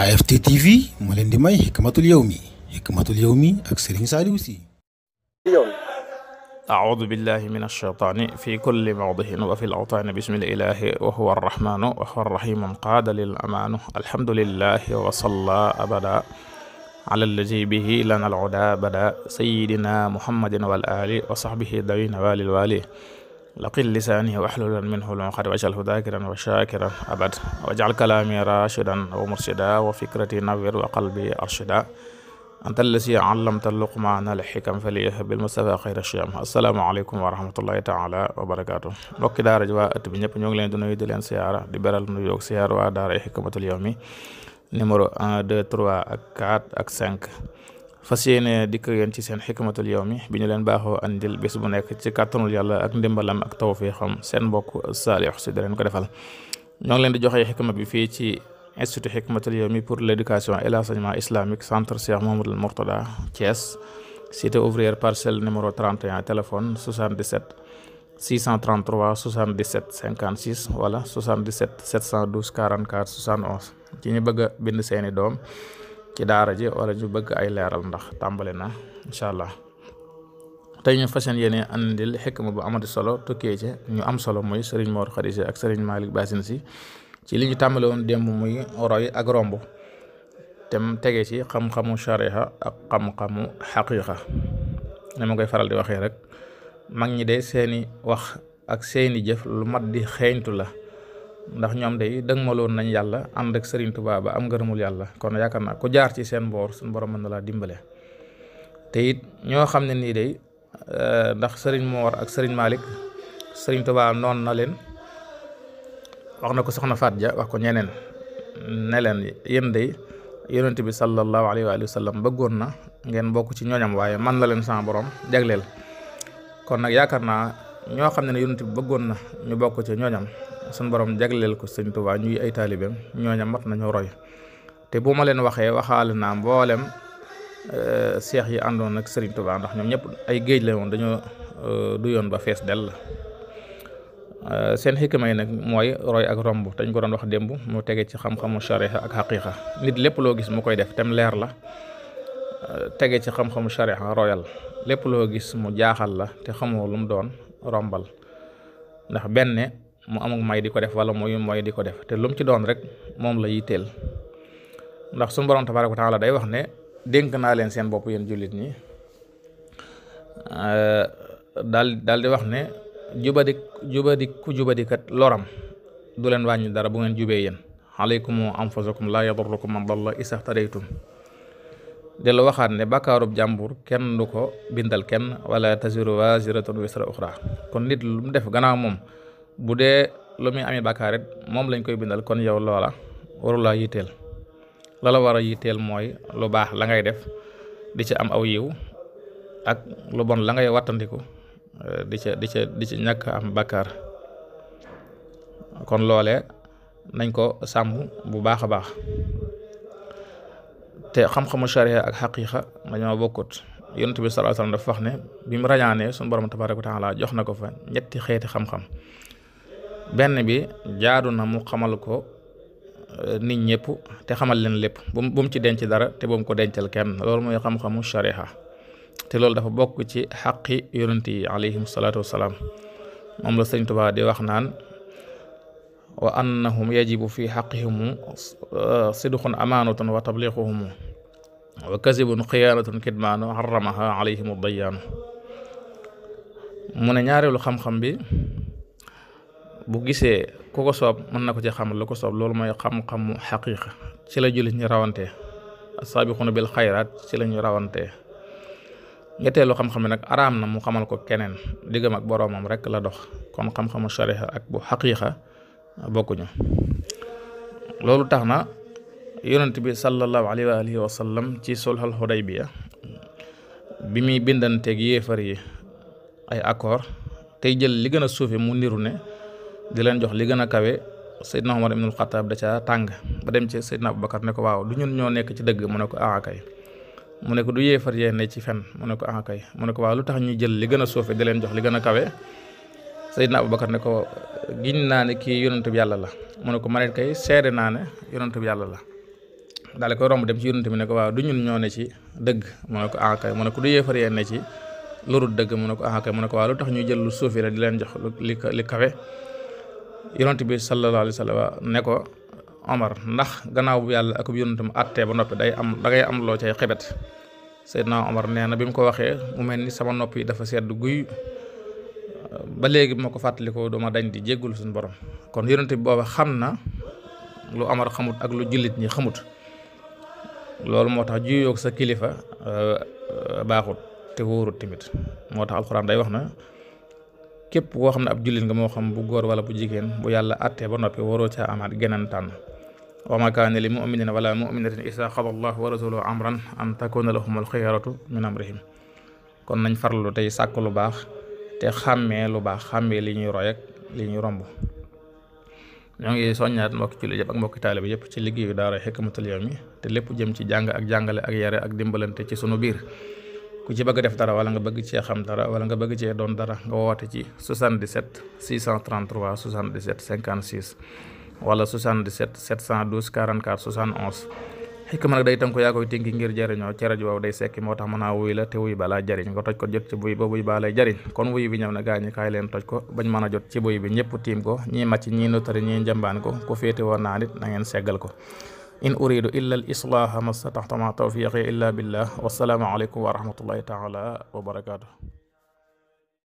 AFT TV moo leen di may xikmatul yawmi xikmatul yawmi ak Serigne Saliou Sy yow أعوذ بالله من الشيطان في كل موضع وفي الأوطان بسم الإله وهو الرحمن وهو الرحيم قاد للأمان الحمد لله وصلى أبدا على الذي به لنا العدا بدا سيدنا محمد والآل وصحبه ذوي النوال الوالي laqil lisaani waxlulan minhu lunqat waj'alhu daakiran wa shaakiran abad waj'al kalaami raashidan wa murshida wa fikrati nawwir wa qalbi arshida anta allasi allamta luqmaana alxikam faliyah bil mustafa xayra shiyam assalaamu aleykum wa rahmatullahi taala wa barakaatu mbokki daara ji waa ëtt bi ñëpp ñoo ngi leen di nuyu di leen siyaara di beral nuyoog siyaar waa daara Hikmatul Yawmi numéro 1 2 3 ak 4 ak 5 fas yéene dikk yéen ci seen xikmatul mi bi ñu leen baaxoo andil bés bu nekk ci kàttanul yàlla ak ndimbalam ak tawfiixam seen mbokk Saliou Sy da leen ko defal ñoo ngi leen di joxe xikma bi fii ci institut xikmatul mi pour l'éducation et l'enseignement islamique centre Cheikh Mouhamadoul Mourtada Thiès cité ouvrière parcelle numéro 31 téléphone 77 633 77 56 wala 77 712 44 71 ci ñu bëgg a bind seeni doom ci daara ji wala ñu bëgg ay leeral ndax tàmbale na incha allah te ñu fasen yéene andil xikma bu amati solo tukkee ci ñu am solo muy sëriñ Mor Khady ak Serigne maalik Bassine si ci li ñu tàmbali woon démb muy roy ak romb te mu tege ci xam-xamu shariha ak xam-xamu xaqiqa ne ma koy faral di waxee rek mag ñi de seeni wax ak seeni jëf lu mat di xeeñtu la ndax ñoom day dëgmaloon nañ yàlla ànd ak sëriñ Touba ba am ngërëmul yàlla kon yaakaar naa ku jaar ci seen boor suñu borom mën na laa dimbale te ñoo xam ne nii day euh, ndax sëriñ Mor ak Serigne Malick Serigne Touba noon na leen wax na ko soxna Faat Ja wax ko ñeneen ne leen yéen day yonent bi sallallahu alayhi wa sallam bëggoon na ngeen bokk ci ñooñam waaye man la leen sama borom jagleel kon nag yaakaar naa ñoo xam ne ne yonent bi bëggoon na ñu bokk ci ñooñam sun borom jagleel ko sëñ Tuubaa ñuy ay taalibeem ñooña mat nañu roy te bu ma leen waxee waxaal naa mboolem euh, seex yi àndoon ak sëriñ Tuubaa ndax ñoom ñëpp ay géej la woon dañoo euh, du yoon ba fees dell euh, seen xikma yi nag mooy roy ak romb dañ ko doon wax démb mu tege ci xam-xamu shariha ak xaqiqa nit lépp loo gis mu koy def tem leer la tege ci xam-xamu shariha royal lépp loo gis mu jaaxal la te xamoo lu mu doon rombal ndax benn mu amuk may di ko def wala mooy mooy di ko def te lu mu ci doon rek moom la yitteel ndax suñu borom tabaaraka wa la day wax ne dénk naa leen seen bopp yéen jullit ñi daal daal di wax ne jubadi jubadi ku jubadikat loram du leen wàññi dara bu ngeen jubee yéen alaykum anfusakum laa yadurrukum la dalla isa tadaytum dellu waxaat ne bàkkaarub jàmbur kenn du ko bindal kenn wala taziru waziratun wisra uxra kon nit lu mu def gannaaw moom bu dee lu muy amee bàkkaar it moom lañ koy bindal kon yow loola warulaa yitteel la la war a yitteel mooy lu baax la ngay def di ci am aw yiw ak lu bon la ngay wattandiku eh, di ca di ca di ca am bàkkaar kon loole nañ ko sàmm bu baax a baax te xam-xamu sharia ak xaqiiqa dañoo bokkut yonent bi sallallahu alayhi wasallam dafa wax ne bi mu rañaanee suñu borom tabaaraka wa taala jox na ko fa ñetti xeeti xam-xam benn bi jaadu na mu xamal ko euh, nit ñëpp te xamal leen lépp bu bu ci denc dara te boom ko dencal kenn loolu mooy xam-xamu shariha te loolu dafa bokk ci xaqi yonent yi alayhim salaatu salaam moom la sëñ Tuubaa di wax naan wa annahum yajibu fi xaqihimu euh, sidqun amaanatun wa tabliquhumu wa kasibun xiyaanatun kidmaanu harramaha alayhimu dayaanu mu ne ñaareelu xam-xam bi bu gisee ku ko soob mën na ko ci xam lu ko soob loolu mooy xam-xamu xaqiiqa ci la jullit ñu rawantee asaabiquuna bil xayraat ci la ñu rawantee ñetteelu xam-xam ne nag araam na mu xamal ko keneen diggam ak boroomam rekk la dox kon xam-xamu shariha ak bu xaqiiqa bokkuñu loolu tax na yonent bi sallallahu alayhi wa alihi wa sallam ci sulhul Hudaybiya bi muy bindanteeg yéefar yi ay accord tey jël li gën a suufe mu niru ne di leen jox li gën a kawe Seydina Omar ibnul Xataab da ca tàng ba dem ci Seydina Abubakar ne ko waaw du ñun ñoo nekk ci dëgg mu ne ko ah mu ne ko du yéefar yee ne ci fen mu ne ko ah mu ne ko waaw lu tax ñuy jël li gën a suufe di leen jox li gën a kawe Seydina Abubakar ne ko giñ naa ne kii yonent yàlla la mu ne ko man it kay seede naa ne yonent yàlla la daal di koy romb dem ci yonent ne ko waaw du ñun ñoo ne ci dëgg mu ne ko ah kay mu ne ko du yéefar yee ne ci lorut dëgg mu ne ko ah kay mu ne ko waaw lu tax ñu jël lu suufi la di leen jox li kawe yonent bi sallallahu alayhi ne ko Omar ndax gannaaw bu yàlla ak yonentam àttee ba noppi day am dangay am loo cay xebet Seydina Omar nee na bi mu ko waxee mu mel ni sama nopp yi dafa sedd guy ba léegi bu ma ko fàttalikoo duma dañ di jéggul suñu borom kon yonent bi booba xam na lu Omar xamut ak lu jullit ñi xamut loolu moo tax juyoog sa kilifa euh, baaxut te wóorut tamit moo tax alxuraan day wax na képp koo xam ne ab jullit nga moo xam bu góor wala bu jigéen bu yàlla attee ba noppi waroo ca amaat geneen tànn wa ma kaana li muminin wala muminatin isa xada allah wa rasuluhu amran an takuna lahum alxiyaratu min kon nañ farlu tey sàkk lu baax te xàmmee lu baax xàmmee li ñuy roy ak li ñuy romb ñoo ngi soññaat mbokki jullit yëpp ak mbokki taalibe yëpp ci liggéeyu daara Hikmatul Yawmi te lépp jëm ci jàng ak jàngale ak yare ak dimbalante ci sunu biir ku ci bëgg def dara wala nga bëgg cee xam dara wala nga bëgg cee doon dara nga woote ci 77 633 77 56 wala 77 712 44 71 xikk ma nag day tënku yaa koy tënki ngir jëriñoo ci rajo waaw day sekki moo tax mën naa wuy la te wuy ba laa jëriñ nga toj ko jot ci buy ba buy baa lay jëriñ kon wuy bi ñëw na gaañi kaay leen toj ko bañ mën a jot ci buy bi ñëpp tiim ko ñii màcc ñii notari ñii njambaan ko ku féete woon naa nit na ngeen seggal ko in uridu illa al islaaha ma stataxtama tawfiqi illa billah wassalaamu aleykum wa rahmatullahi taala wa barakaatu